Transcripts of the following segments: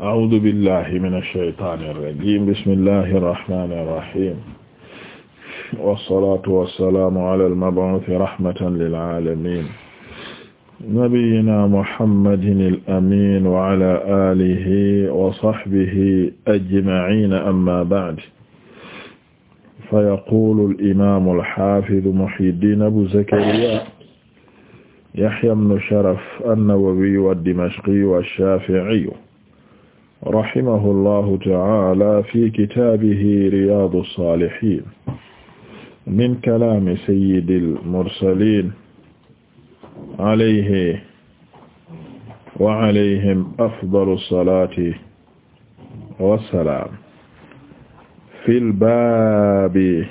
أعوذ بالله من الشيطان الرجيم بسم الله الرحمن الرحيم والصلاة والسلام على المبعوث رحمة للعالمين نبينا محمد الأمين وعلى آله وصحبه أجمعين أما بعد فيقول الإمام الحافظ محي الدين أبو زكريا يحيى بن شرف النووي الدمشقي والشافعي rahimahullahu ta'ala fi kitaabihi riyaadu saalihiin min kalaami sayyidil mursaliin alayhi wa alayhim afdalu salaati wa salaam fil baabi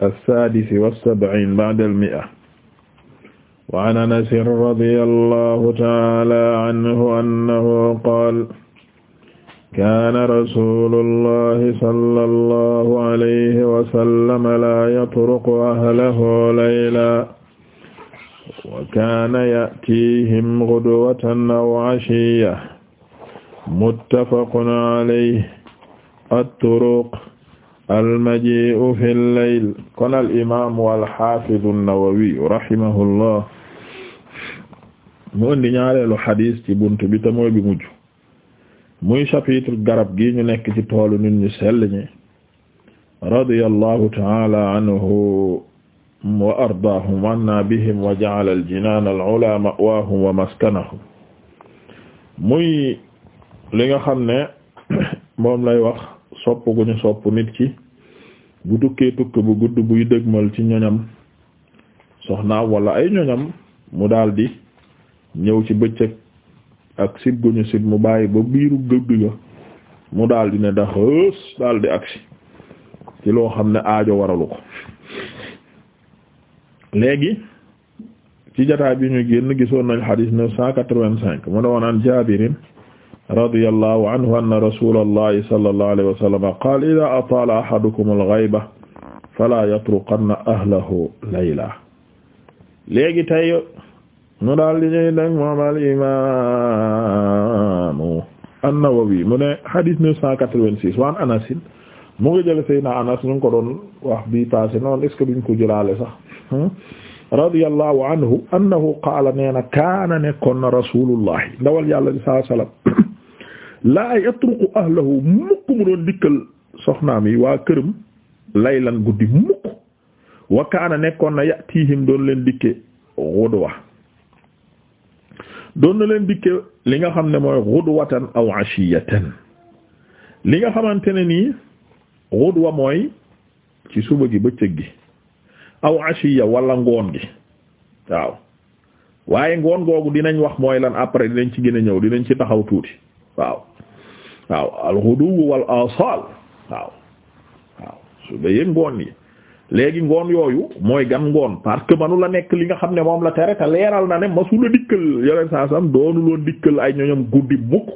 as-saadisi was-sab'iin ba'dal mi'a waan anasin radiyallahu taala anhu annahu qaal kaana rasulullahi sallallahu alayhi wa sallam laa yatruku ahlahu layla wa kaana ya'tiihim ghudwatan aw 'ashiyya muttafaqun alayhi at-turuq al-majii'u fil layl qaala al-imaamu al-haafidu an-nawawi rahimahullah mu indi ñaareelu xadiis ci bunt bi te mooy bi mujj muy chapitre garab gi ñu nekk ci toolu nit ñu sell ñi radiyallahu ta'ala anhu wa ardaahum wa bihim wa ja'ala al-jinaan al-'ulaa wa maskanahum muy li nga xam ne moom lay wax sopp gu ñu sopp nit ki bu tukkee tukk bu gudd buy dëgmal ci ñoñam soxnaa wala ay ñoñam mu daldi ñëw ci bëccëg ak sib guñu sib mu bàyyi ba biiru gëdd mu daal di ne dax hës daal di agsi ci loo xam ne aajo waralu ko léegi ci jataay bi ñu génn gisoon nañ xadis neuf cent quatre-vingt-cinq mu ne woon an jabirin radiyallahu anhu anna rasulallahi sallallahu alayhi wa sallam qaala idaa ataala ahadukum al-ghayba falaa yatruqanna ahlahu layla léegi tey mu daal di ñuy nag moom al imaamu an-Nawawi mu ne hadith neuf cent quatre-vingt-six waan Anas mu ngi jële Seydina Anas ñu ko doon wax bi passé noonu est-ce que duñ sax hmm? radiyallahu anhu annahu qaala nee kaana nekkoon na rasulullahi ndawal yàlla di saa sallam laa yatruku ahlahu mu doon dikkal soxnaam yi waa këram laylan guddi mukk wa kaana nekkoon na yatihim doon leen dikke gudwa doon na leen dikke li nga xam ne mooy ghudwatan aw ashiyatan li nga xamante ne nii wa mooy ci suba gi bëccëg gi aw ashiya wala ngoon gi waaw waaye ngoon googu dinañ wax mooy lan après dinañ ci gën a ñëw dinañ ci taxaw tuuti waaw waaw al ghudu wal asal waaw waaw suba yëg ngoon yi léegi ngoon yooyu mooy gan ngoon parce que manu la nekk li nga xam ne moom la tere te leeral na ne masula dikkal yoleen saa sam doonu loon dikkal ay ñoñom guddi mukk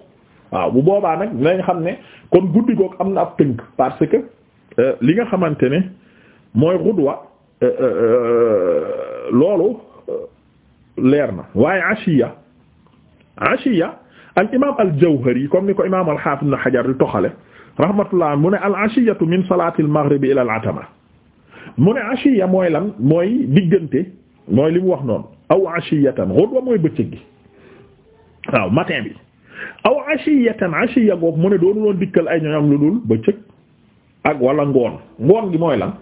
waaw bu boobaa nag dinañ xam ne kon guddi goog am na ab tënk parce que euh, li nga xamante ne mooy xudwa euh, euh, loolu leer na waaye ashiya ashiya al imam al jawhari comme ni ko imam al hafiz ibn hajar di toxale rahmatullah mu ne al ashiyatu min salati al maghrib ila al atama mu ne ashiya mooy lan mooy diggante mooy li mu wax noonu aw ashiyatan ghadwa mooy bëccëg gi waaw matin bi aw ashiyatan ashiya goog mu ne doonu loon dikkal ay ñoñam lu dul bëccëg ak wala ngoon ngoon gi mooy lan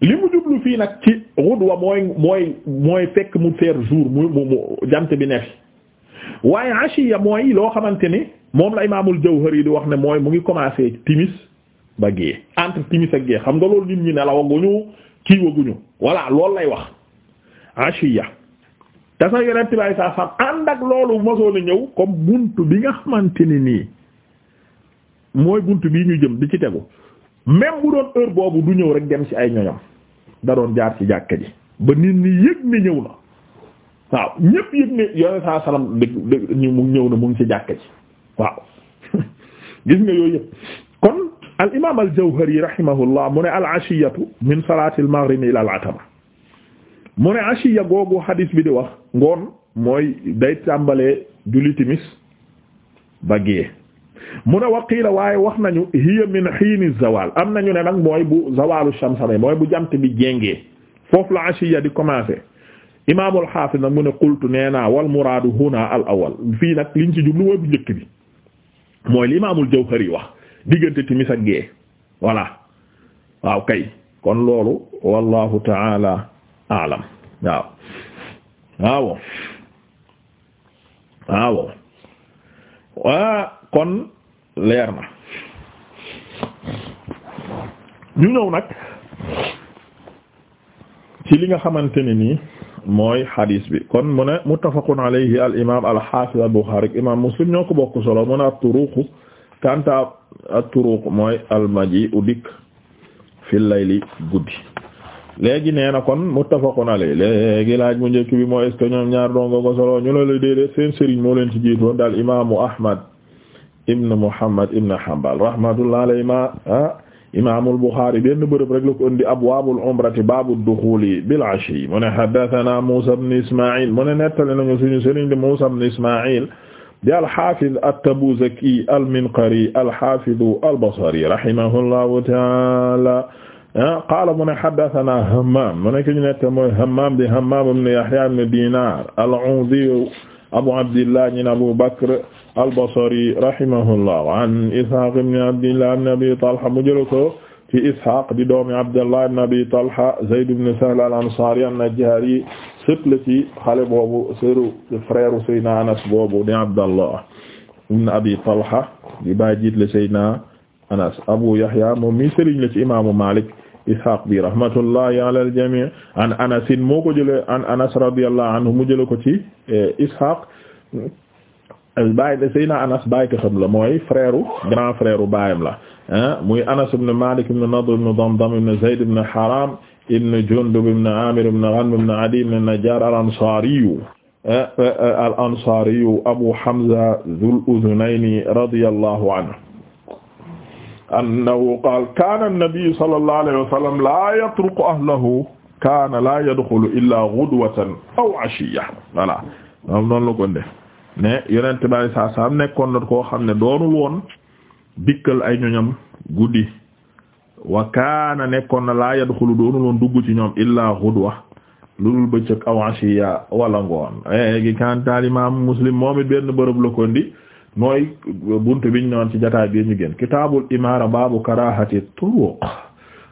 li mu jublu fii nag ci ghadwa mooy mooy mooy fekk mu faire jour mu mu jant bi ne fi waaye ashiya mooy loo xamante ni moom la imaamul Jawhari di wax ne mooy mu ngi commencer timis ba gée entre timis ak gée xam nga loolu nit ñi nelawaguñu kii waguñu voilà loolu lay wax ashiya te sax yonent bi saa sam ànd ak loolu mosoon a ñëw comme bunt bi nga xamante ni nii mooy bunt bi ñu jëm di ci tegu même bu doon heure boobu du ñëw rek dem ci ay ñoñam da doon jaar ci jàkka ji ba nit ñi yëg ne ñëw na waaw ñëpp yëg ne yonent saa salaam dëgg ñu mu ñëw na mu ngi ci jàkka ji waaw gis nga yooyu yëpp kon al imaam al jawhari rahimahullah mu ne al ashiyatu min salaati al maghrib ila al atama mu ashiya googu hadis bi di wax ngoon mooy day tàmbalee julli timis ba gée mu ne waqiila waaye wax nañu hiya min hiini zawal am nañu ne nag mooy bu zawalu shamsame mooy bu jant bi jéngee foofu la ashiya di commencé imaamul xaafis nag mu ne qultu nee wal muraadu huna al awal fii nag liñ ci mooy bu njëkk bi mooy li imaamul jawhari wax diggante timis ak gee voilà waaw kay kon loolu wallahu taala alam waaw waaw waa kon leer na ñu ñëw nag ci li nga xamante ni nii mooy xadiis bi kon mu ne muttafaqun alayhi al imaam al xaafiz al buxaari imaam muslim ñoo ko bokk solo mu ne at kanta at-turuq mooy almaji u dikk fi layli guddi léegi nee na kon muttafaqun alayhi léegi laaj mu njëkk bi mooy est-ce que ñoom ñaar dongo ko solo ñu la lay déedéet seen sëriñ moo leen ci jiitoon daal ibn Muhammad ibn Hanbal rahmatullah alayhi ma imaamul Buxaari benn bërëb rek la ko indi abwaabul umrati baabu duxuuli ashi mu ne haddathana Muusaa ibn Ismaa'iil mu ne nettali nañu suñu sëriñ di Muusaa di alxaafid at-Tabuzaki al-Minqari alxaafidu al-Basri rahimahullahu taala qaala mu ne haddasanaa Hammaam mu ne ki ñu nette mooy Hammaam di Hammaam ibn Yahyaa ibn Diinaar al-Uudi Abu Abdillah ibn Abu Bakr al-Basri rahimahullahu an Ishaaq ibn Abdillah ibn Abi Talha mu jël ko ci Ishaaq di doomi Abdillah ibn Abi Talha Zayd ibn Sahl al-Ansaari an-Najjaari sët la ci xale boobu sëru frère Seydina Anas boobu di Abdallah ibn Abi Talha di bàyyi jiit la Seydina Anas Abu Yahya moom mi sëriñ la ci Malik Ishaq bi rahmatullahi ala al-jami' an moo ko jëlee an mu jëlee ko ci eh, Ishaq bàyyi Seydina Anas bàyyi ko xam la mooy frère grand frère baayam la eh, muy Anas ibn Malik ibn Nadr ibn Damdam ibn Zayd ibn Haram ibn Jundub ibn Amir ibn Ghanm ibn Adi ibn Najjar al-Ansari eh, eh, al-Ansari Abu Hamza Dhul Udhunayni radiyallahu anhu annahu qaala kaana an-nabiyyu sallallahu alayhi wa sallam laa yatruku ahlahu kaana laa yadxulu illaa ghudwatan aw ashiyya voilà moom noonu la ko def mais Yonent bi saa saa nekkoon na koo xam ne doonul woon dikkal ay ñoñam guddi. wa kaana nekkoon na laa yadxulu doonu loon dugg ci ñoom illaa xudwa lulul bëccëg aw ashiya wala ngoon léegi kantaal imaam muslim moom it benn bërëb la ko indi mooy buntu biñ noon ci jotaay bi ñu gën kitaabul imaara baabu karaahati turuq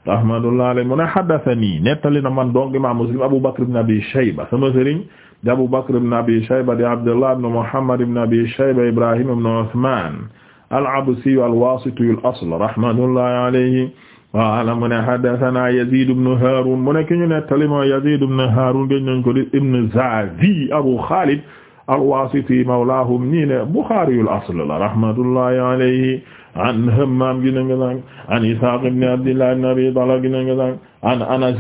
rahmatullah alayhi mu ni haddathanii nettali na man donc imaam muslim abu bakr ibn abi shayba sama sëriñ di abu bakr ibn abi shayba di abdullah ibn muhammad ibn abi shayba ibrahim ibn uthman al-absi al-wasiti al-asl rahmatullahi alayhi qaala mu ne haddasanaa Yaziid ibn Haaruun mu ne ki ñu nettali mooy Yaziid ibn Haaruun gën nañ ko di ibn Zaazi Abu Xaalid al-Waasiti mawlaahum ñii ne Buxaariyul asl la rahmatullahi alayhi an Hammaam gis nañ ko sànq an Ishaaq ibn Abdillah ibn Abi Talha gis nañ ko sànq an Anas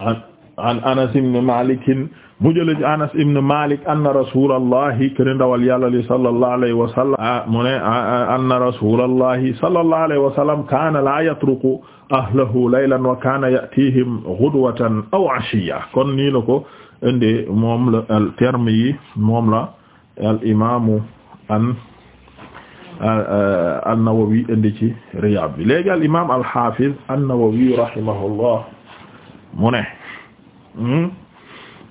an an anas ibn malik mu jële ci anas ibn malik anna rasulallahi kene ndawal yàlla li sallallahu alayhi wa sallam ah, mu ne ah, ah, anna rasulallahi sallallahu alayhi wa sallam kaana la yatruku ahlahu laylan wa kaana yatihim ghudwatan aw ashiya kon nii la ko indi moom la al terme yi moom la al imamu an an-Nawawi indi ci Riyaad bi léegi al imam al hafiz an-Nawawi rahimahullah mu ne Hmm?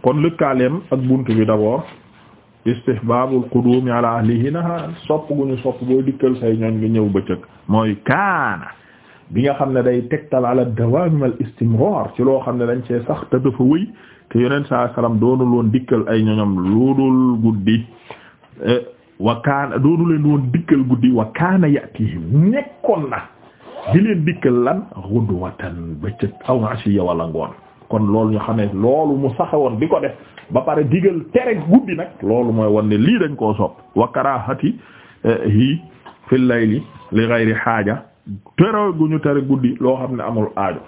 kon lëkkaaleem ak bunt bi d'abord istihbaabul quduumi ala ahlihi naha sopp gu ñu sopp booy dikkal say ñooñ nga ñëw bëccëg mooy kaana bi nga xam ne day tegtal ala dawaam al istimrar ci loo xam ne dañ cee sax te dafa wëy te yonent saa salaam doonul woon dikkal ay ñoñom loodul guddi eh, wa kaana doonu leen woon dikkal guddi wa kaana yatihim nekkoon na di leen dikkal lan gudwatan bëccëg aw asiya wala ngoon kon loolu ñu xamee loolu mu saxe woon di ko def ba pare digal tere guddi nag loolu mooy won ne lii dañ koo sopp wa karahati eh, hi fil layli li ghayri xaaja tere gu ñu tere guddi loo xam ne amul aajo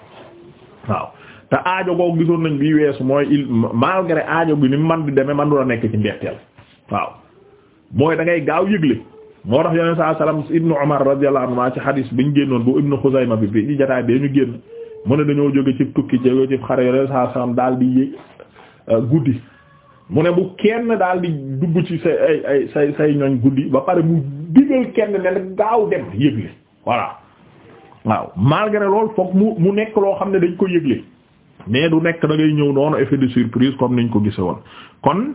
waaw te aajo googu gisoon nañ bii weesu mooy il malgré aajo bi ni man di demee man du la nekk ci mbetteel waaw mooy da ngay gaaw yëgle moo tax yeneen saa salaam ibnu Umar radiyallahu anhu ci hadis bi génnoon bu ibnu Xuzayma bi bi ci jotaay bee ñu génn mu ne dañoo jóge ci tukki jóge ci xare yoneen saa salaam daal di yëg euh, guddi mu ne bu kenn daal di dugg ci say ay ay say say ñoñ guddi ba pare mu digal kenn ne nag gaaw waaw malgré loolu foog mu mu nekk loo xam ne dañ ko yëgle mais du nekk da ngay ñëw noonu effet de surprise comme niñ ko gise woon kon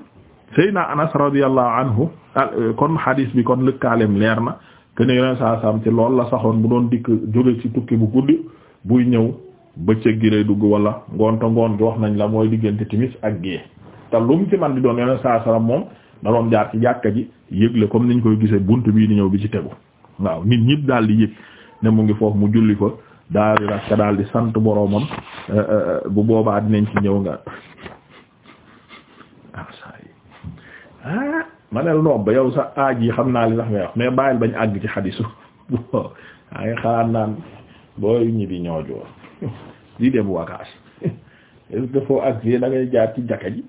Seydina Anas radiyallahu anhu euh, kon hadis bi kon lëkkaaleem leer na que ne saa salaam ci loolu la saxoon bu doon dikk jóge ci tukki bu guddi buy ñëw bëccëg gi lay dugg wala ngoonte ngoon gi wax nañ la mooy diggante timis ak gée te lum ci man di doon yeneen saa salaam moom da doon jaar ci jàkka ji yëgle comme niñ koy gisee bunt bii di ñëw bi ci tegu waaw nit ñëpp daal di yëg ne mu ngi foofu mu julli ko daal di rakka daal di sant boroomam eh, eh, eh, bu boobaa dinañ ci ñëw nga ah, ah ma ne ba yow sa aaj yi xam naa li tax ma wax mais bàyyil bañ àgg ci xadisu waaw ay xalaat naan booy ñibbi ñoo joor di de bu est-ce que foo ak da ngay jaar ci jàkka ji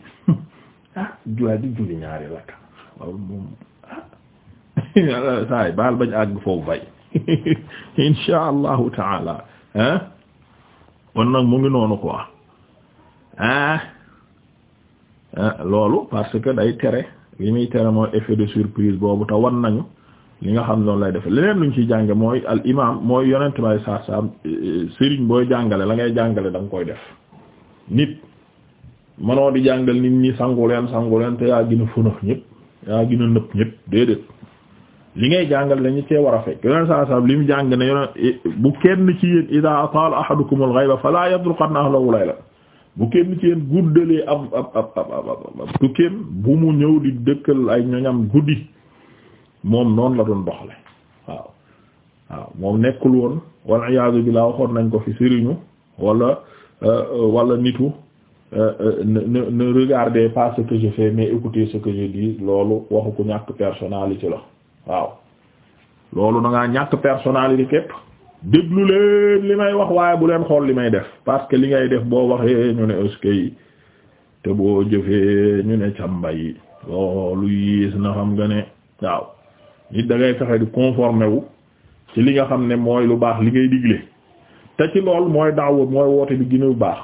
ah juwaa di julli ñaari rakka loolu moom ah saay baal bañ àgg foofu bay insha allahu taala ah kon nag mu ngi noonu quoi ah. ah loolu parce que day tere li muy tere mooy effet de surprise boobu te wan nañu li nga xam noonu lay defee leneen lu ñu ciy jànge mooy al imam mooy yonent may saa saa sëriñ booy jàngale la ngay jàngale da koy def nit mënoo di jàngal nit ñi sangu leen sangu leen te yaa gën a funax yaa gën a nëpp ñëpp déedéet li ngay jàngal dañu cee war a fekk yonent saa saa li mu jàng ne yonent bu kenn ci yéen ida ataala ahadukumul ghayba fala yadruqanna ahlahu layla bu kenn ci yéen guddalee ab ab ab ab tukkeem bu mu ñëw di dëkkal ay ñoñam guddi moom noonu la doon doxale waaw waaw moom nekkul woon wal iyaadu billaah waxoon nañ ko fi sëriñu walla euh, wala nitu euh, euh, ne ne ne regardez pas que je fais mais écoutez ce que je dis loolu waxu ko ñàkk personnalité la waaw loolu da ngaa ñàkk personnalité képp déglu leen li may wax waaye bu leen xool li may def parce que li ngay def boo waxee ñu ne ëskey yi te boo jëfee ñu ne càmba yi loolu yées na xam nga ne waaw nit da ngay fexe di conformer wu ci li nga xam ne mooy lu baax li ngay digle te ci lool mooy daaw mooy woote bi gën a baax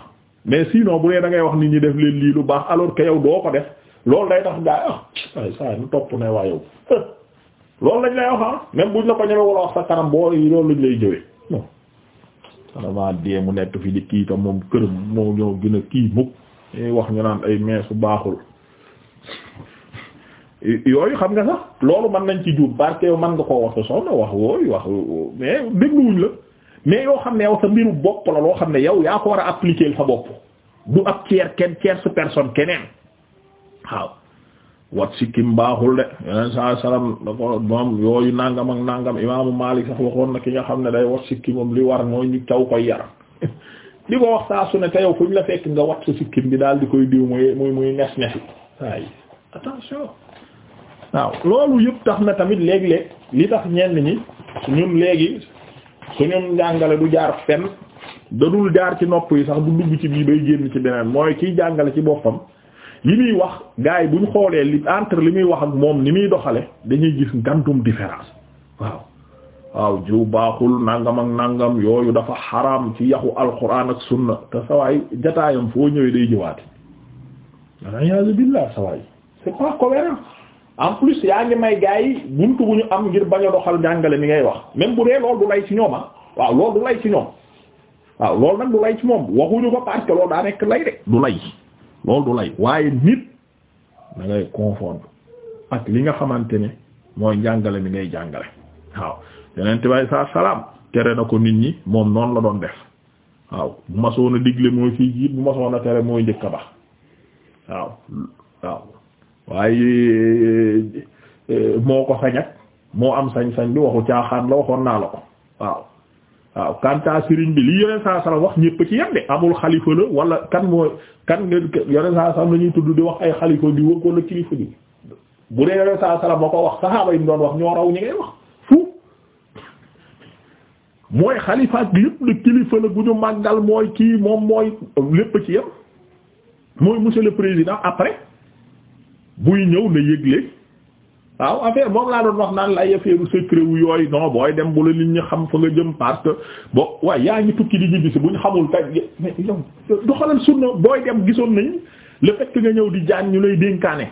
mais sinon bu dee da ngay wax nit ñi def lii lu baax aloor que yow doo ko def loolu day tax gaa ah ay saa nu topp ne waa yow loolu lañ lay wax ah même buñ la ko ñëwee wala wax sa kanam boo loolu lañ lay jëwee non xanaa dee mu nekk fi di kii tam moom këram moo ñoo gën a kii mukk eh, wax ñu naan ay meesu baaxul yooyu xam nga sax loolu mën nañ ci juub barke yow mën nga koo wax sa soxna wax wooyu wax mais dégluwuñ la mais yoo xam ne yow sa mbiru bopp la loo xam ne yow yaa ko war a appliquer sa bopp du ak tiers kenn tiers personne keneen waaw wat sikkim baaxul de yeneen saa salaam da ko moom yooyu nangam ak nangam imaamu Maalik sax waxoon na ki nga xam ne day wat sikkimam li war mooy ñu caw koy yar li ko wax saa su ne te yow fu ñu la fekk nga wax sa sikkim bi daal di koy diw muy muy muy nes waaw loolu yëpp tax na tamit léeg-léeg li tax ñenn ñi ñun léegi suñu njàngale du jaar fenn dadul jaar ci nopp yi sax bu dugg ci bii bay génn ci beneen mooy kiy jàngale ci boppam li muy wax gars yi buñ xoolee li entre li muy wax ak moom ni muy doxale dañuy gis ngantum différence waaw waaw jiw baaxul nangam ak nangam yooyu dafa xaraam ci yaxu alquran ak sunna te sawaay jataayam foo ñëwee day jëwaate wanayasu billah sawaay c'est pas cohérent en plus yaa ngi may gars yi buntu bu ñu am ngir bañ doxal jàngale mi ngay wax même bu dee loolu du lay ci ñoom ah waaw loolu du lay ci ñoom waaw loolu nag du lay ci moom waxuñu ko parce que daa nekk lay de du lay loolu du lay waaye nit da ngay ak li nga xamante ne mooy njàngale mi ngay jàngale waaw yeneen tibay sa salaam tere na ko nit ñi moom noonu la doon def waaw bu ma soon a digle mooy fii jiit ma soon a tere mooy njëkk a bax waaw waaw waaye moo ko sañak moo am sañ-sañ bi waxu caaxaan la waxoon naa la ko waaw waaw kanta sëriñ bi li yoneen saa sallam wax ñépp ci yem de amul xalifa la wala kan mooy kan nga yoneen saa sallam la ñuy tudd di wax ay xalifa di wëg wala kilifa ji bu dee yoneen saa sallam ma ko wax saxaaba yi mu wax ñoo raw ñi ngay wax fu mooy xalifa ak yépp kilifa la bu ñu màggal mooy kii moom mooy lépp ci yem mooy monsieur le président après buy ñëw na yëgle waaw affaire moom laa doon wax naan la ay affaire u secret wu yooyu non booy dem bu la nit ñi xam fa nga jëm parce que waaye yaa ngi tukki di ñibbisi bu ñu xamul ka yow du xalal booy dem gisoon nañ le fait que nga ñëw di jaan ñu lay dénkaane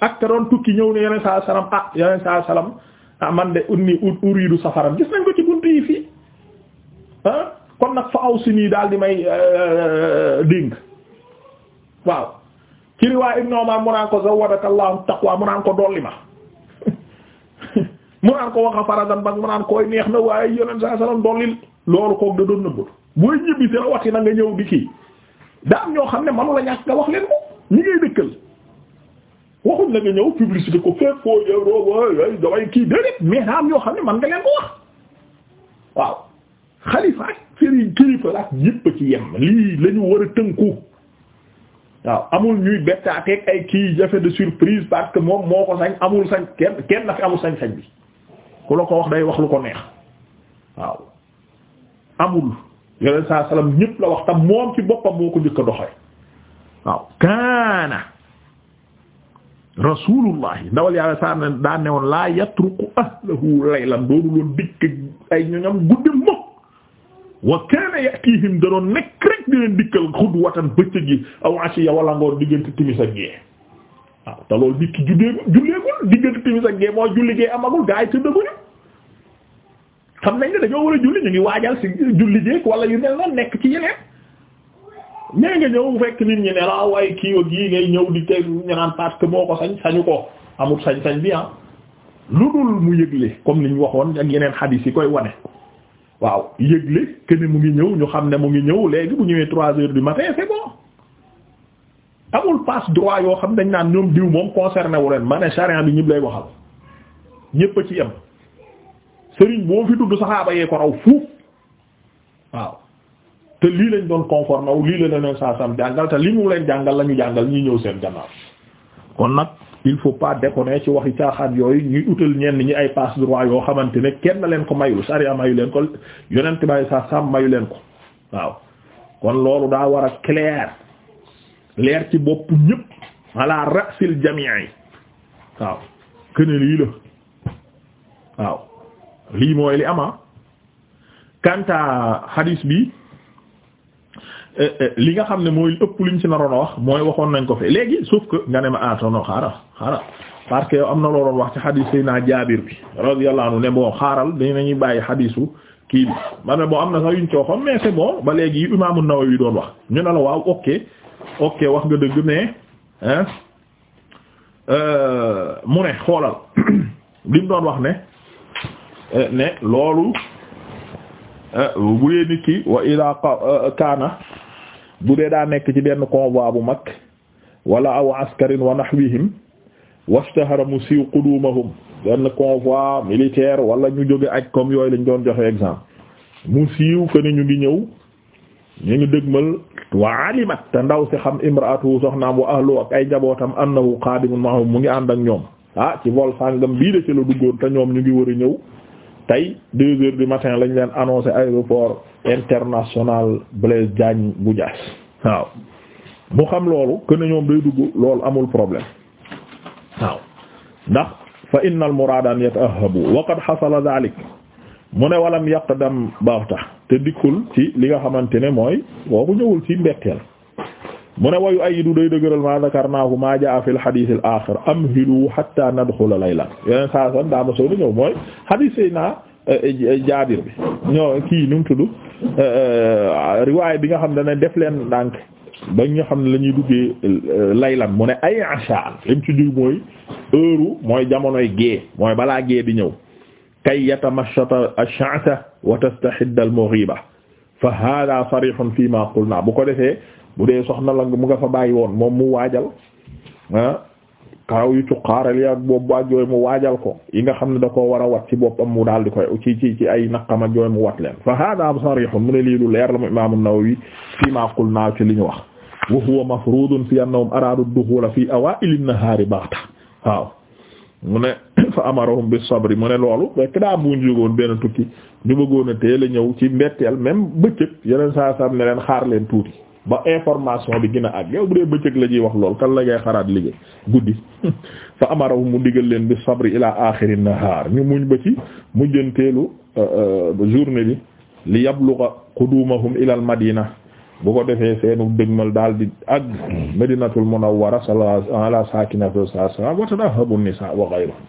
ak ka doon tukki ñëw ne yeneen saa salaam ah yeneen saa salaam ah man de unni uriidu safaram gis nañ ko ci buntu yi fii ah kon nag fa aw si nii daal di may euh, dénk waaw ci riwaay Ibn Umar mu naan ko zawadaka Allahu taqwa mu naan ko dolli ma mu naan ko waxa farazan bas mu naan koy neex na waaye yonent saa salaam dollil loolu koog da doon nëbbatu booy ñibbi te rawati na nga ñëw di kii da am ñoo xam ne manu la nga wax leen ko ñi ngay dëkkal waxuñ la nga ñëw publicité ko fépp foo yow doo daway kii déedéet mais daa am ñoo xam ne man nga leen ko wax waaw xalifa ak sëriñ kilifa la ak ñépp ci yem lii lañu waaw amul ñuy bettaateeg ay kii jafe de surprise parce que moom moo ko sañ amul sañ kenn kenn amul sañ-sañ bi ku la ko wax day wax lu ko neex waaw amul yoneen saa la wax tam moom ci boppam moo ko njëkk a doxee waaw kaana rasulullahi ndawal yàlla saa ne daa newoon laa yatruku ahlahu laylan doonu loon dikk ay ñoñam guddi wa kaana yatihim da doon nekk rek di leen dikkal xudwatan bëccëg yi aw asiya wala ngoon diggante timis ak gee waaw te loolu nit ki juddee julleegul diggante timis ak gee mooy julli gee amagul gaa yi tëddaguñu xam nañ ne dañoo war a julli ñu ngi waajal ci julli gee wala yu mel noonu nekk ci yeneen ñee nga ñëw fekk nit ñi ne la ah, waaye kii wa gii ngay ñëw di teg ñu naan parce que moo ko sañ sañu ko amul sañ-sañ bi ah lu dul mu yëgle comme li ñu waxoon ak yeneen xadiis yi koy wane waaw yëgle que ne mu ngi ñëw ñu xam ne mu ngi ñëw léegi bu ñëwee trois heures du matin c'est bon amul passe droit yoo xam ne dañ naan ñoom diw moom concerné wu leen ma ne charia bi ñëpp lay waxal ñëpp a ci yem sëriñ boo fi tudd saxaaba yee ko raw fuuf waaw te lii lañ doon conformé wu lii la leen saa sam jàngal te li mu leen jàngal la ñu jàngal ñu ñëw seen gannaaw kon nag. il faut pas déconner ci waxi caaxaan yooyu ñuy utal ñenn ñi ay passe droit yoo xamante ne kenn leen ko mayul sariya mayu leen ko yonent bay sa sam mayu leen ko waaw kon loolu daa war a clair ci bopp ñëpp ala rasil jamii waaw këne lii la waaw lii mooy li ama ah. kanta hadis bi Euh, euh, li nga xam ne mooy ëpp liñ ci naroon a wax mooy waxoon nañ ko fi léegi sauf que nga ne ma atono ah, xaaral xaaral parce que am na loo wax ci xadiis yi naa jaabir bi radiyallahu anhu ne bon xaaral dinañuy bàyyi xadiisu kii bi ma ne bon am na sax yuñ ci waxoon mais boo ba léegi imaamu Nawawi doon wax ñu ne la waaw ok ok wax nga dëgg mais euh, mu ne xoolal li doon wax ne ne loolu bu dee nit ki wa kaana bu dee daa nekk ci benn convoi bu mag wala aw askarin wa nahwihim washtahara mu siiw qudumahum benn convoi militaire wala ñu jóge aj comme yooyu lañ doon joxe exemple mu siiw que ne ñu ngi ñëw ñu ngi dëgmal wa alimat te ndaw si xam imraatu soxnaam wa ahlu ak ay njabootam annahu qadimun mahum mu ngi ànd ak ñoom ah ci vol sàngam bii de ci la te ñoom ñu ngi war a ñëw tey deux heures matin lañ leen annoncé aéroport international Blaise Diagne bu waaw mu xam loolu que ne ñoom day dugg loolu amul problème waaw ndax fa innal muraada an yatahabu wa qad xasala dalik mu ne walam yaqdam baxta te dikkul ci li nga xamante ne mooy kooku ñëwul ci mbetteel mu ne wayu ayidu day dëgëral ma zakarnaahu ma jaa fi alxadiis al aaxir amhilu hatta nadxula laylan yeneen saa san daa ma soo ñëw mooy xadiis naa jaabir bi ñoo kii nu mu euh, riwaay bi nga xam ne def leen ndànk ba nga xam ne la ñuy duggee euh, laylan mu ne ay ashaan lim ci jur mooy heure mooy jamonoy gée mooy balaa gée di ñëw kay yatamashata ash-sha'sa wa tastahidda al-mughiba fa hada sarihun fi qulna bu ko defee bu dee soxna la mu nga fa bàyyi woon moom mu waajal ah kaaw yu cuqaaral yi ak boobu ak yooyu mu waajal ko yi nga xam ne da ko war a wat ci boppam mu daal di koy ci ci ci ay naqam a yooyu mu wat leen fa hada sarihun mu ne lii leer la mu imaamu Nawawi fii ma qulna ci li ñu wax wa huwa mafruudun fi annahum araadu duxuula fi awaa'ili nahaari baxta waaw mu ne fa amarahum bi sabri mu ne loolu fekk daa buñ jógoon benn tukki ñu bëggoon a teel a ñëw ci mbetteel même bëccëg yeneen saa saa ne leen xaar leen tuuti ba information bi gina ak yow bu dee bëccëg la ñuy wax lool kan la ngay xaraat liggéey guddi fa amarawu mu digal leen bi sabri ila axiri nahaar ñu muñ ba ci mujjanteelu euh, euh, journée bi li yabluga qudumahum ila al madina bu ko defee seenu dëgmal daal di àgg madinatul munawwara ala sakinatu sa la wa tadahabu nisa wa ghayruhum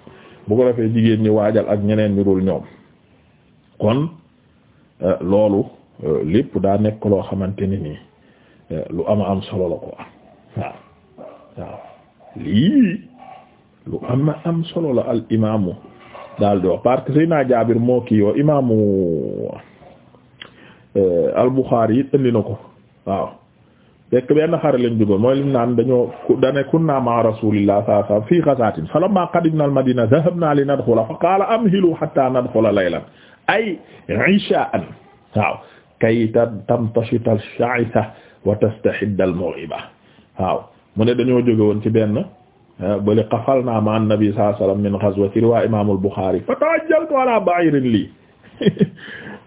bu ko defee jigéen ñi waajal ak ñeneen ñu dul ñoom kon euh, loolu lépp daa nekk loo xamante ni nii lu ama am solo la quoi waaw waaw lii lu ama am solo la al imaamu daal di wax parce que Seydina Jaabir moo kii yoo imaamu euh, al Buxaari it indi na ko waaw fekk benn xare lañ jógoon mooy lim naan dañoo dane kunna ma rasulillah sallallahu alayhi wasallam fi ghazatin falamma qadimna al madina dhahabna li nadkhula fa qala amhilu hatta nadkhula laylan ay isha'an waaw kay tamtashita al sha'itha wa waaw mu ne dañoo jóge woon ci benn eh, bale qafalna ma an nabi sallallahu alayhi wasallam min ghazwati riwa imam al bukhari fa ta'ajjaltu ala ba'irin li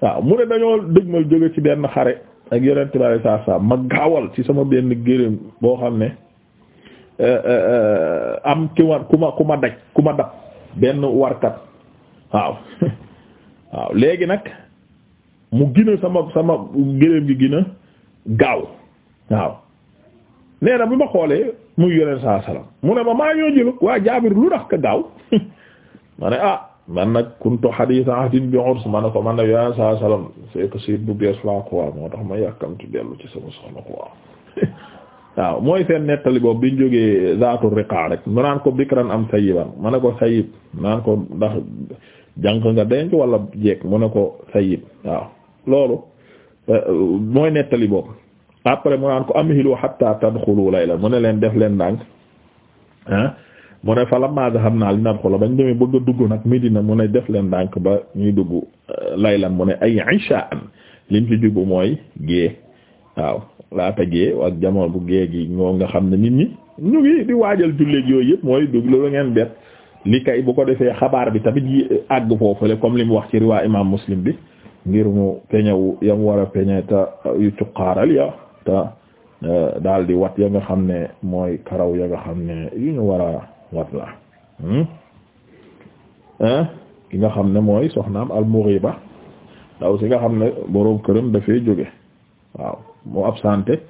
waaw mu ne dañoo dëgmal jóge ci benn xare ak yonent bi sallallahu alayhi ma gaawal ci sama benn gëléem boo xam ne eh, eh, am ki war ku ma ku ma daj ku ma dab benn warkat waaw léegi nag mu gina sama sama gëléem gi gina gaaw waaw nee bi ma xoolee muy yoneen saa salaam mu ne ma maa ñoo waa jaabir lu tax ka gaaw ma ne ah man nag kuntu haditha ahdin bi ma na ko man nag yoneen saa salaam c'est que siit bu bees laa quoi moo tax ma yàkkamti dellu ci sama waaw mooy seen nettali boobu biñ jógee zaatu riqa rek mu ko bikran am sayiban ma ne ko sayib naan ko ndax jànq nga denc wala jeeg mu ne ko sayib waaw loolu euh, mooy nettali boobu après mu naan ko amhilu hatta tadkhulu layla mu ne leen def leen ndànk ah mu ne fa lamma dhahabna linadkhula bañ demee bëgg a dugg nag Medina mu ne def leen ndànk ba ñuy dugg euh, laylan mu ne ay isha'an liñ ci jubbu mooy gée waaw laata gée ak jamono bu gée gi ñoo nga xam ne nit ñi ñu ngi di waajal julleeg yooyu yëpp mooy dugg loolu ngeen bet li kay bu ko defee xabaar bi tamit yi euh, àgg foofule comme li mu wax ci riwaa imam muslim bi ngir mu peñewu yam war a peñe ta euh, yu cuqaaral ya ta euh, daal di wat ya nga xam ne mooy karaw ya nga xam ne yu ñu war a wat la hmm? ki nga xam ne mooy soxnaam al ba daw si nga xam ne boroom këram dafay jóge waaw mu absenté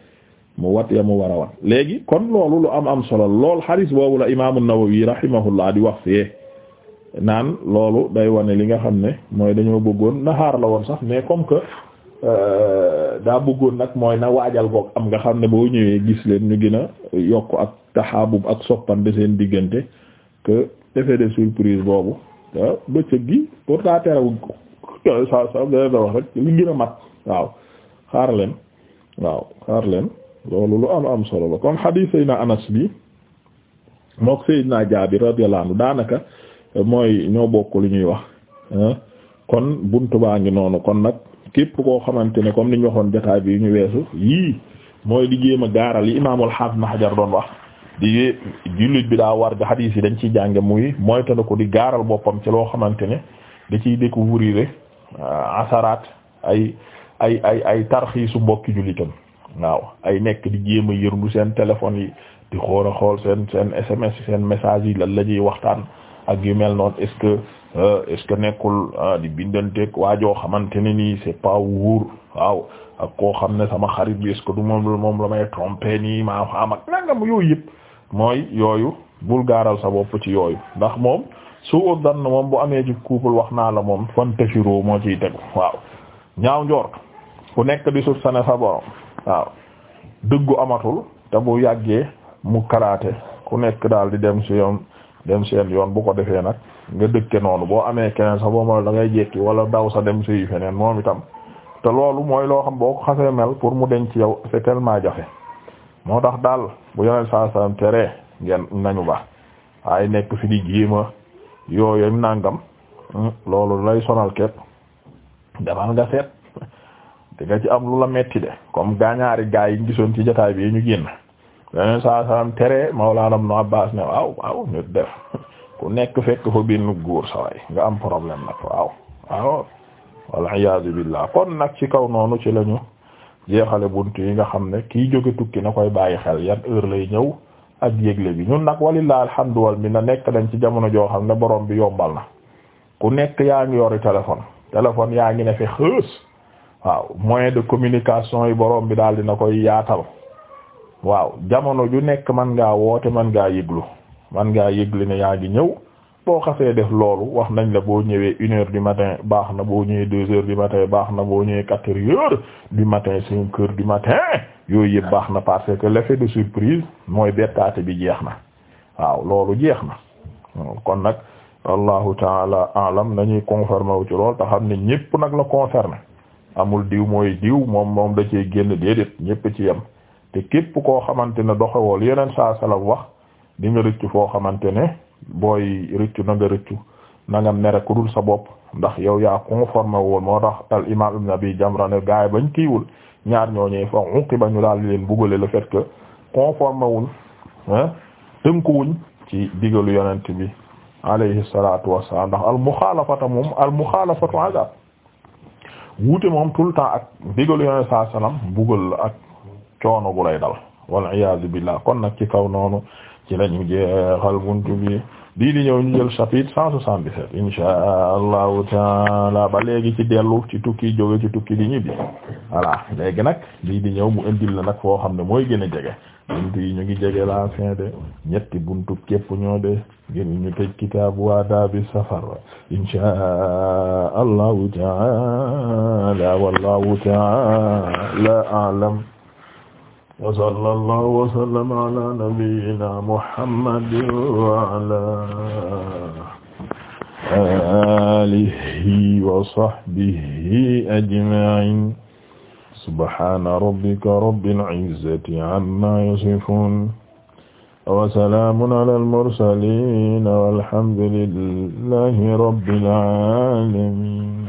mu wat ya mu war a wat léegi kon loolu lu am am solo lool xadis boobu la imaam an-Nawawi rahimahullah di wax fee naan loolu day wane li nga xam ne mooy dañoo bëggoon naxaar la woon sax mais comme que Euh, daa bëggoon nag mooy na waajal goog am nga xam ne boo ñëwee gis leen ñu gën a yokk ak taxaabub ak soppande seen diggante que effet de surprise boobu ah bëccëg gi pourtant terewuñ ko sa sa da wax rek li gën a mat waaw xaar leen waaw xaar leen loolu lu am am solo la kon hadith na Anas bi mook Seydina Jaabir radiyallahu anhu daanaka mooy ñoo bokk lu ñuy wax kon bunt baa ngi noonu kon nag. képp koo xamante ne comme ni ñu waxoon jotaay bi ñu weesu yii mooy di jéem a gaaral yi imaamul xaafis na xajar doon wax di jullit bi daa war di xadiis yi dañ ciy jànge muy moyta ko di gaaral boppam ci loo xamante ne da ciy découvrir euh, asaraat ay ay ay ay tarxiisu mbokki jullitam waaw ay nekk di jéem a yërndu seen téléphone yi di xool a xool seen seen SMS seen message yi lan la ñuy waxtaan ak yu mel noonu est-ce que Euh, est-ce que nekkul ah, di bindanteeg waajoo xamante ne nii c'est pas wóor waaw ak koo xam ne sama xarit bi est-ce que du moom la may tromper nii maa xam ak nangam yooyu yëpp mooy yooyu bul gaaral sa bopp ci yooyu ndax moom su dan moom bu amee ci couple wax naa la moom fantasiro moo ciy tegu waaw ñaaw njort ku nekk di sut sane sa borom waaw dëggu amatul te bu yàggee mu karaate ku nekk daal di dem si yoom dem seen yoon bu ko defee nag nga dëkke noonu boo amee keneen sax boo mooy da ngay jekki wala daw sa dem sëyi feneen moom itam te loolu mooy loo xam boo ko xasee mel pour mu denc yow c'est tellement jafe moo tax daal bu yoneen sa salam tere ngeen nañu ba ay nekk fi di jiima yooyu nàngam hmm, loolu lay sonal képp demal nga seet di nga ci am lu la metti de comme gaañaari gaa yi gisoon ci jotaay bi ñu génn yeneen saa salaam tere Mawlana Ibn Abbas ne waaw waaw ñu def ku nekk fekk fa benn góor saway nga am problème nag waaw waaw wal iyaadu billah kon nag ci kaw noonu ci lañu jeexale bunt yi nga xam ne kii jóge tukki na koy bàyyi xel yan heure lay ñëw ak yégle bi ñun nag walillahi alhamdu wal minna nekk dañ ci jamono joo xam ne boroom bi yombal na ku nekk yaa ngi yori téléphone téléphone yaa ngi ne fi xës waaw moyen de communication yi borom bi daal dina koy yaatal waaw jamono ju nekk man ngaa woote man ngaa yëglu man ngaa yëgli ne yaa ngi ñëw boo xasee def loolu wax nañ la boo ñëwee une heure du matin baax na boo ñëwee deux heures du matin baax na boo ñëwee quatre heures du matin cinq heures du matin yooyu yëpp baax na parce que l'effet de surprise mooy bettaate bi jeex na waaw loolu jeex na kon nag wallahu taala alam nañuy conformé wu ci lool te xam ne ñëpp nag la concerné amul diw mooy diw moom moom da cee génn déedéet ñëpp ci yem te képp koo xamante ne doxewool yeneen saa salaam wax di nga rëccu foo xamante ne booy rëccu na nga rëccu na nga ku dul sa bopp ndax yow yaa conformé woon moo tax tal imam ibn abi jamra ne gaay bañ kiiwul ñaar ñooñee fa uqi ba ñu daal di leen bugale le fait que conformé wuñ ci digalu yonent bi alayhi salatu ndax al muxaalafata moom al muxaalafatu azab wuute moom tout le temps ak digalu yonent saa salaam la ak coono gu lay dal wal iyaazu billah kon nag ci kaw noonu ci la ñu jeexal buntu bi di di ñëw ñu jël chapitre cent soixante-dix-sept inshaa allahu taala ba léegi ci dellu ci tukki jóge ci tukki di ñibbi voilà léegi nag bii di ñëw mu indil la nag foo xam ne mooy gën a jege buntu yi ñu ngi jege la fin de ñetti buntu képp ñoo de ngir ñu tëj kitaabu adaabi safar inshaa allahu taala wallahu taala alam wa sallallahu wa sallam ala nabiyyina muhammadin wa ala alihi wa sahbihi ajma'in subhana rabbika rabbil izzati amma yasifun wa salaamun alal mursaliin walhamdulillahi rabbil aalamiin